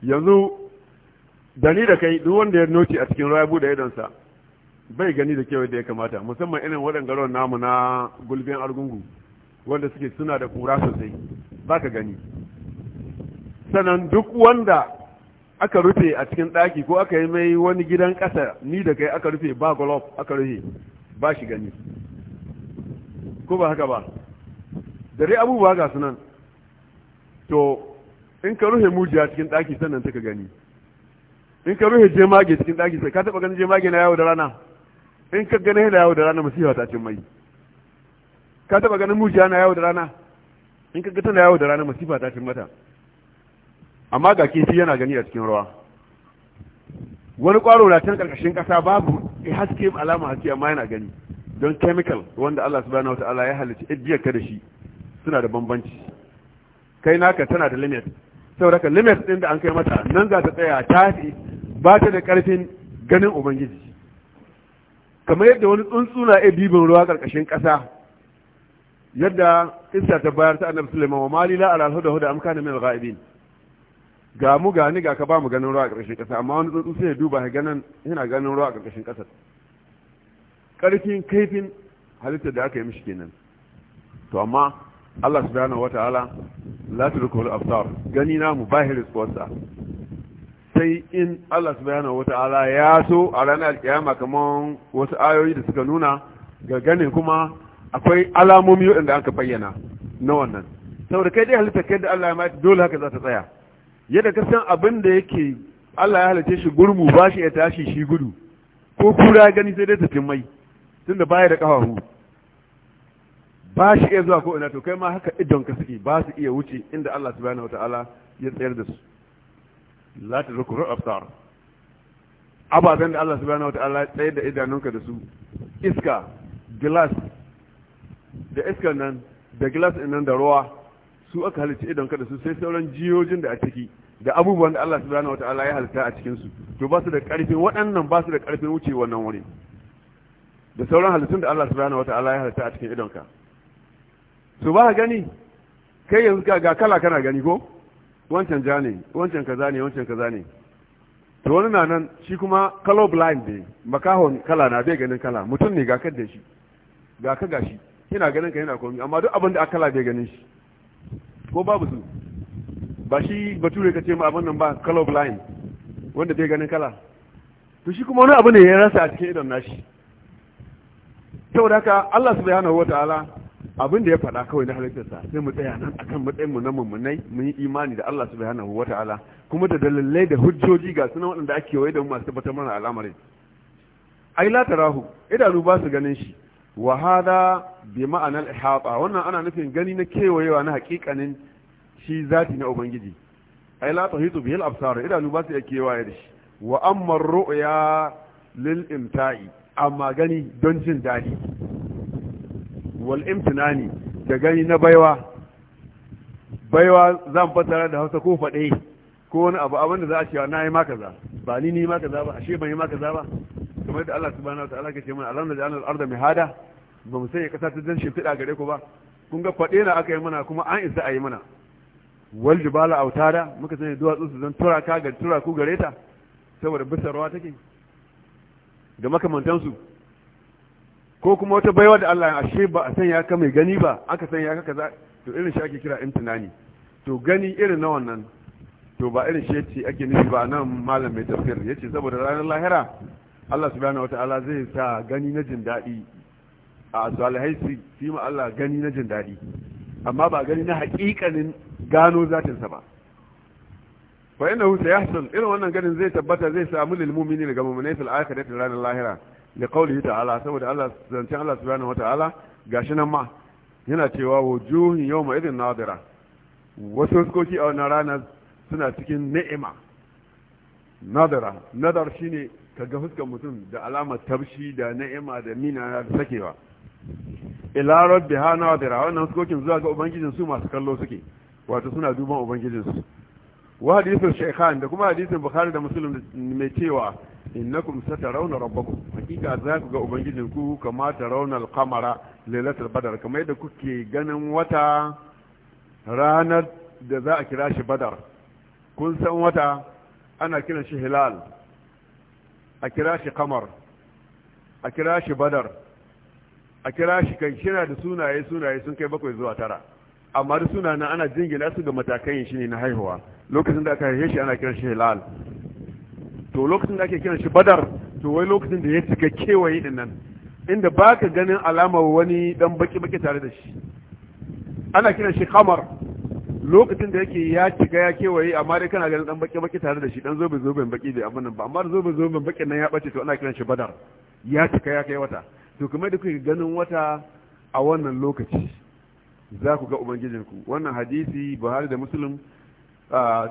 yanzu da ni da kai duk wanda ya noti a cikin raya bude idonsa bai gani da kewa da ya kamata musamman irin waɗanda ruwan namu na gulbin argungu wanda suke suna da kura sosai ba ka gani sannan duk wanda aka rufe a cikin ɗaki ko aka yi mai wani gidan ƙasa ni da kai aka rufe ba golof aka rufe ba shi gani ko ba haka ba dare abubuwa ga sunan to in ka rufe mujiya cikin ɗaki sannan ta ka gani in ka rufe jemage cikin ɗaki sai ka taɓa ganin jemage na yawo da rana in ka gane na yawo da rana masifa ta cin mai ka taɓa ganin mujiya na yawo da rana in ka ga tana yawo da rana masifa ta cin mata amma ga kifi yana gani a cikin ruwa wani kwaro na can karkashin ƙasa babu haske alama haske amma yana gani don chemical wanda Allah subhanahu wata'ala ya halicci ajiyarka ka da shi suna da bambanci kai naka tana da limit saboda ka limit ɗin da an kai mata nan za ta tsaya ta ba ta da ƙarfin ganin ubangiji kamar yadda wani tsuntsu na iya bibin ruwa karkashin ƙasa yadda isa ta bayar ta annabi suleiman wa mali la ala alhuda huda am min ghaibin ga mu ga ni ga ka ba mu ganin ruwa a ƙarƙashin ƙasa amma wani tsuntsu sai ya duba ya ganin yana ganin ruwa a ƙarƙashin ƙasa ƙarfin kaifin halittar da aka yi mishi kenan to amma Allah subhanahu wataala la tudrikul afsar gani na mu ba hiris kwasa sai in Allah subhanahu wataala ya so a ranar alkiyama kamar wasu ayoyi da suka nuna ga gane kuma akwai alamomi waɗanda aka bayyana na wannan saboda kai dai halittar kai da Allah ya mai dole haka za ta tsaya yadda ka san abin da yake Allah ya halice shi gurmu ba shi ya tashi shi gudu ko kura gani sai dai tafin mai tunda baya da ƙafafu ba shi iya zuwa ko ina to kai ma haka idon ka suke ba su iya wuce inda Allah subhanahu wataala ya tsayar da su la tadruku absar ababen da Allah subhanahu wataala ya tsayar da idanunka da su iska glass da iskan nan da glass nan da ruwa su aka halitta idan kada su sai sauran jiyojin da a ciki da abubuwan da Allah subhanahu wataala ya halitta a cikin su to ba su da karfin waɗannan ba su da karfin wuce wannan wuri da sauran halittun da Allah subhanahu wataala ya halitta a cikin idonka su ba gani kai yanzu ka ga kala kana gani ko wancan ja ne wancan kaza ne wancan kaza ne to wani na nan shi kuma color blind ne makahon kala na bai ganin kala mutum ne ga kan da shi ga ka gashi kina ganin ka yana komi amma duk abin da aka kala bai ganin shi ko babu su ba shi bature ka ce ma abin nan ba color blind wanda bai ganin kala to shi kuma wani abu ne ya rasa a cikin idon nashi saboda haka Allah subhanahu ala abin da ya faɗa kawai na halittarsa sai mu tsaya nan akan matsayin mu na mummunai mun yi imani da Allah subhanahu ta'ala kuma da dalilai da hujjoji ga sunan waɗanda ake waye da mu masu tabbatar mana al'amarin ai la tarahu idanu ba su ganin shi wa hada bi ma'anar ihata wannan ana nufin gani na kewayewa na hakikanin shi zati na ubangiji ai la tahitu bihi al-absar idanu ba su iya kewaye da shi wa amma ru'ya lil imta'i amma gani don jin dadi wal imtinani da gani na baiwa baiwa zan fatara da Hausa ko fade ko wani abu abinda za a cewa nayi maka za, ba ni ni ma za ba ashe ban yi maka za ba kamar da Allah subhanahu wa ta'ala ke ce mana alam naj'al al-arda mihada ba mu sanya kasa ta dan fida gare ku ba kun ga kwade na aka yi mana kuma an isa a yi mana wal jibala autada muka sanya duwatsu su zan tura ka ga tura ku gare ta saboda bisarwa take ga makamantan makamantansu ko kuma wata baiwa da Allah ashe ba a sanya ka mai gani ba aka sanya ka kaza to irin shi ake kira imtinani to gani irin na wannan to ba irin shi yace ake nufi ba nan malam mai tafsir yace saboda ranar lahira Allah subhanahu wata'ala zai sa gani na jin daɗi a salihai su fi ma Allah gani na jin daɗi amma ba gani na haƙiƙanin gano zatinsa ba fa innahu sayahsul irin wannan ganin zai tabbata zai samu lil mu'mini ga mu'minai fil akhirati ranar lahira li qawlihi ta'ala saboda Allah zancen Allah subhanahu wata'ala gashi nan ma yana cewa wujuhin yawma idin nadira wasu koki a wannan rana suna cikin ni'ima nadara nadar shine kaga fuskar mutum da alamar tabshi da na'ima da mina da sakewa ila rabbi hana wa dira wannan huskokin zuwa ga ubangijin su masu kallo suke wato suna duban ubangijin su wa hadithu shaykhan da kuma hadithin bukhari da muslim mai cewa innakum satarawna rabbakum hakika za ku ga ubangijin ku kama tarawna al-qamara lailatul badr kamar yadda kuke ganin wata ranar da za a kira shi badar kun san wata ana kiran shi hilal a kira shi kamar a kira shi badar a kira shi kai shina da sunaye sunaye sun kai bakwai zuwa tara amma da sunana ana jingina su ga matakai shi ne na haihuwa lokacin da aka haife shi ana kiran shi hilal to lokacin da ake kiran shi badar to wai lokacin da ya cika kewaye din nan inda baka ganin alamar wani dan baki baki tare da shi ana kiran shi kamar lokacin da yake ya shiga ya kewaye amma dai kana ganin dan baki baki tare da shi dan zobe zobe baki bai amma nan ba amma zobe zobe baki nan ya bace to ana kiran shi badar ya shiga ya kai wata to kuma da kuke ganin wata a wannan lokaci za ku ga ku wannan hadisi Buhari da Muslim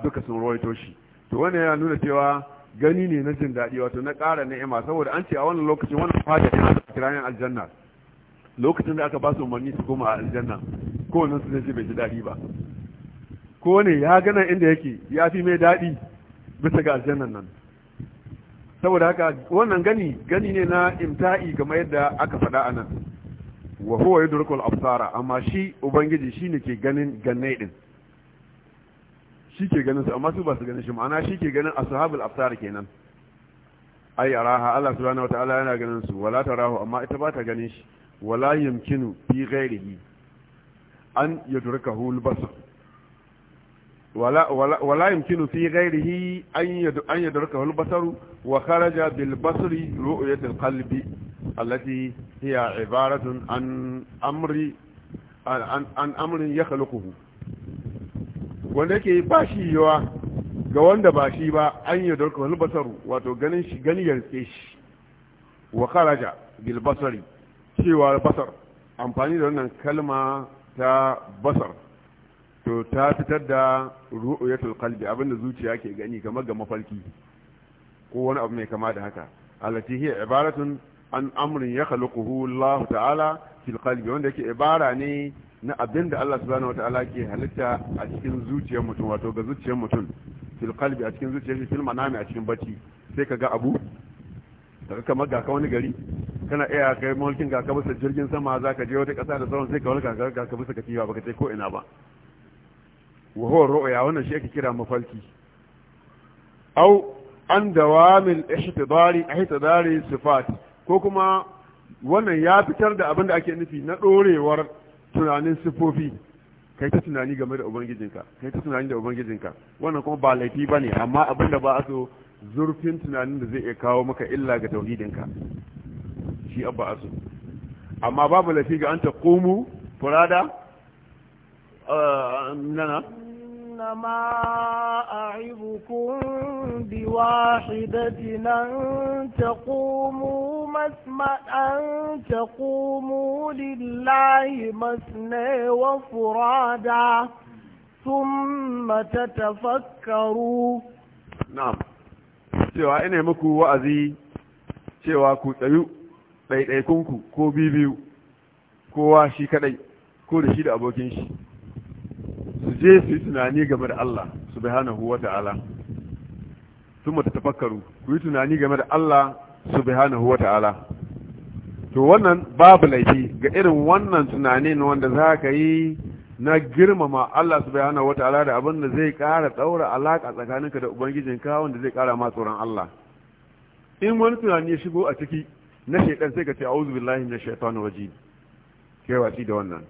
duka sun rawaito shi to wannan yana nuna cewa gani ne na jin dadi wato na ƙara ni'ima saboda an ce a wannan lokacin wannan fada ne a kira aljanna lokacin da aka ba su umarni su koma a aljanna kowannen su zai bai ji dadi ba ko ne ya gana inda yake ya fi mai daɗi bisa ga aljannan nan saboda haka wannan gani gani ne na imta'i kamar yadda aka faɗa a nan wa huwa yudrikul absara amma shi ubangiji shi ne ke ganin ganne din shi ke ganin su amma su ba su ganin shi ma'ana shi ke ganin ashabul absara kenan ay araha Allah subhanahu wataala yana ganin su wala tarahu amma ita ba ta ganin shi wala yumkinu bi ghairihi an yudrikahu al-basar wala yumkinu fi ghairihi an yadraka al basaru wa kharaja bil basri ru'yat al qalbi allati hiya an amri an amrin wanda ba shi yawa ga wanda ba shi ba an yadraka al basaru wato ganin shi gani yarke shi wa kharaja bil cewa basar amfani da wannan kalma ta basar to ta fitar da ru'yatul qalbi abinda zuciya ke gani kamar ga mafarki ko wani abu mai kama da haka allati hiya ibaratun an amrin khalaquhu Allah ta'ala fil qalbi wanda yake ibara ne na abinda Allah subhanahu wata'ala ke halitta a cikin zuciyar mutum wato ga zuciyar mutum fil qalbi a cikin zuciyar shi fil manami a cikin bacci sai ka ga abu daga kamar ga ka wani gari kana iya kai mulkin ga ka bisa jirgin sama za ka je wata ƙasa da sauran sai ka wani ga ka bisa ka tiwa baka ce ko ina ba wa huwa ru'ya wannan shi ake kira mafalki au an dawamil ihtidari sifat ko kuma wannan ya fitar da abin da ake nufi na ɗorewar tunanin sifofi kai ta tunani game da ubangijinka kai ta tunani da ubangijinka wannan kuma ba laifi ne, amma abin da ba a so zurfin tunanin da zai iya kawo maka illa ga tauhidinka shi abba a so amma babu laifi ga an ta komu furada nana إنما أعظكم بواحدة أن تقوموا مسمى أن تقوموا لله مثنى وفرادا ثم تتفكروا نعم cewa ina muku wa'azi cewa ku tsayu ɗaiɗaikunku ko biyu-biyu, kowa shi kaɗai ko da shi da abokin shi su je su yi tunani game da Allah subhanahu wa ta'ala sun mata tafakkaru ku yi tunani game da Allah subhanahu wa ta'ala to wannan babu laifi ga irin wannan tunanin wanda za ka yi na girmama Allah subhanahu wa ta'ala da abin da zai ƙara tsaura alaƙa tsakaninka da ubangijinka wanda zai ƙara ma tsoron Allah in wani tunani ya shigo a ciki na shaidan sai ka ce a'udhu billahi minash shaitani rajim kai wasi da wannan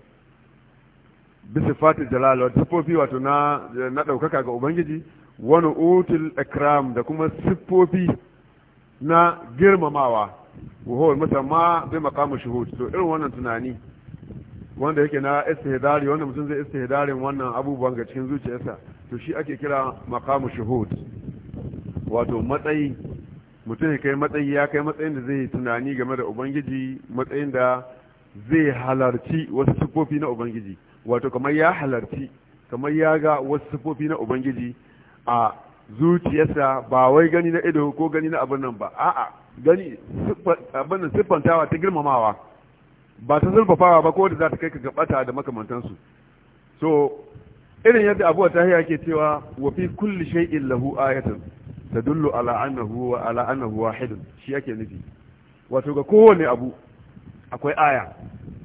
bisa Fati jalal wato siffofi wato na na ga ubangiji wani utul ikram da kuma siffofi na girmamawa wuhuwar musamman bai makamu shuhud to irin wannan tunani wanda yake na istihdari wanda mutum zai istihdarin wannan abubuwan ga cikin zuciyarsa to shi ake kira makamu shuhud wato matsayi mutum ya kai matsayi ya kai matsayin da zai tunani game da ubangiji matsayin da zai halarci wasu siffofi na ubangiji wato kamar ya halarci kamar ya ga wasu sifofi na ubangiji a zuciyarsa ba wai gani na ido ko gani na abin nan ba a'a gani abin nan siffantawa ta girmamawa ba ta zurfafawa ba ko da za ta kai ka gabata da makamantansu so irin yadda abu ta hiya ke cewa wa fi kulli shay'in lahu ayatun tadullu ala annahu wa ala annahu wahidun shi yake nufi wato ga kowane abu akwai aya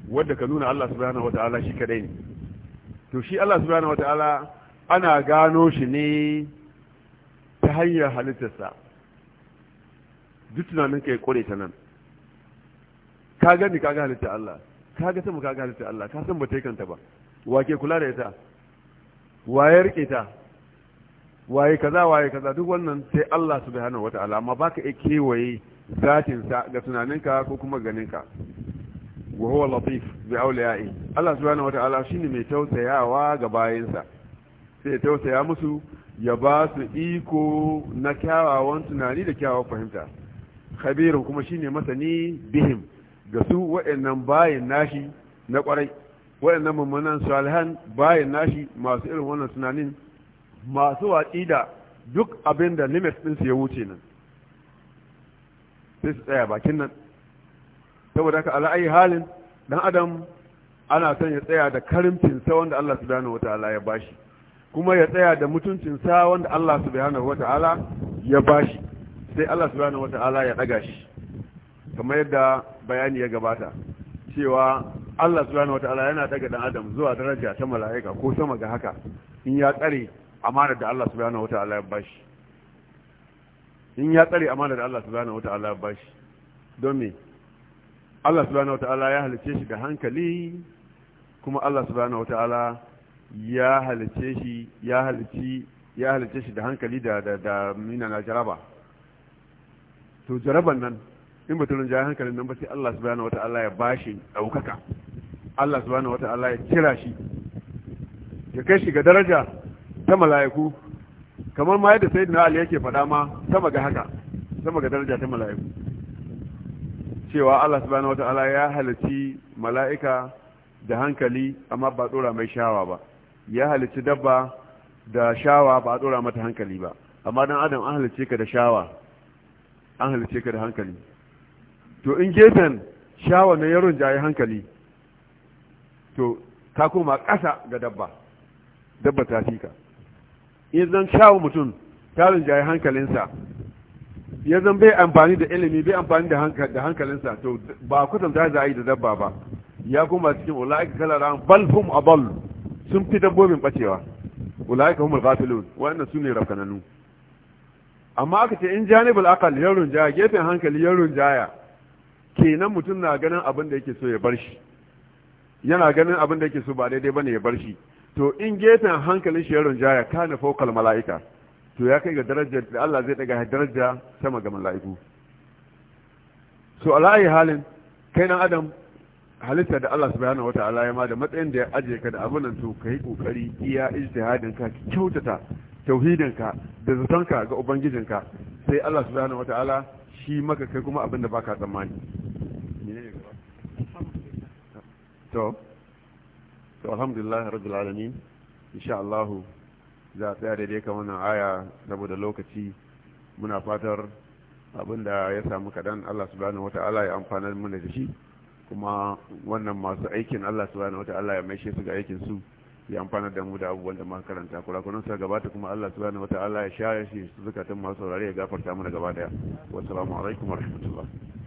wadda ka nuna Allah subhanahu wata'ala shi kadai ne to shi Allah subhanahu wata'ala ana gano shi ne ta hanyar halittarsa duk tunanin ka ya kore ta nan ka gani ka ga ta Allah ka ga sama ka ga ta Allah ka san ba ta yi kanta ba wake kula da ita waye rike ta waye kaza waye kaza duk wannan sai Allah subhanahu wata'ala amma baka iya kewaye zatinsa ga tunaninka ko kuma ganinka wa huwa latif bi yi. Allah subhanahu wataala shine mai tausayawa ga bayansa. sai tausaya musu ya ba su iko na kyawawan tunani da kyawawan fahimta khabirun kuma shine masani bihim ga su waɗannan bayin nashi na kwarai, waɗannan mummunan salihan bayin nashi masu irin wannan tunanin masu watsi da duk abin da limit su ya wuce nan sai su tsaya bakin nan saboda haka ala ayi halin dan adam ana son ya tsaya da karimcinsa wanda Allah subhanahu wataala ya bashi kuma ya tsaya da mutuncinsa wanda Allah subhanahu wataala ya bashi sai Allah subhanahu wataala ya daga shi kamar yadda bayani ya gabata cewa Allah subhanahu wataala yana daga dan adam zuwa daraja ta mala'ika ko sama ga haka in ya tsare amanar da Allah subhanahu wataala ya bashi in ya tsare amanar da Allah subhanahu wataala ya bashi don me Allah subhanahu wata'ala ya halice shi da hankali kuma Allah subhanahu wata'ala ya halice shi ya halici ya halice shi da hankali da da da mina na jaraba to jaraban nan in batulun jaya hankalin nan ba sai Allah subhanahu wata'ala ya bashi daukaka Allah subhanahu wata'ala ya kira shi ya kai shi ga daraja ta mala'iku kamar ma yadda sayyidina Ali yake faɗa ma sama ga haka sama ga daraja ta mala'iku cewa Allah subhanahu wata'ala ya halici mala'ika da hankali amma ba dora mai shawa ba ya halici dabba da shawa ba tsora mata hankali ba amma dan adam an halice ka da shawa an halice ka da hankali to in gefen shawa na yaron jaye hankali to ka koma ƙasa ga dabba dabba ta fi ka in zan shawa mutum ta rinjaye hankalinsa ya zan bai amfani da ilimi bai amfani da hankalinsa to ba kwatanta za a yi da dabba ba ya kuma cikin ula'ika kalaran balfum abal sun fi dabbobin bacewa ula'ika humul ghafilun wa'annan su ne rafkananu amma aka ce in janibul aqal ya runjaya gefen hankali ya runjaya kenan mutum na ganin abin da yake so ya bar shi yana ganin abin da yake so ba daidai bane ya bar shi to in gefen hankalin shi ya runjaya kana fawqal mala'ika to ya kai ga darajar da Allah zai daga daraja sama ga mala'iku so alayi halin kai nan adam halitta da Allah subhanahu wata'ala ya ma da matsayin da ya ajiye ka da abunan to kai kokari iya ijtihadin ka kyautata tauhidin ka da zaton ka ga ubangijin ka sai Allah subhanahu wata'ala shi maka kai kuma abin da baka tsammani to to alhamdulillah rabbil alamin insha Allah za a tsaya daidai kan wannan aya saboda lokaci muna fatar abin da ya samu kaɗan Allah subhanahu wata'ala ya amfana mana da shi kuma wannan masu aikin Allah subhanahu wata'ala ya maishe su ga aikin su ya amfana da mu da abubuwan da muka karanta kurakunan sa gabata kuma Allah subhanahu wata'ala ya share shi zukatan masu saurare ya gafarta mana gaba daya wassalamu alaikum warahmatullahi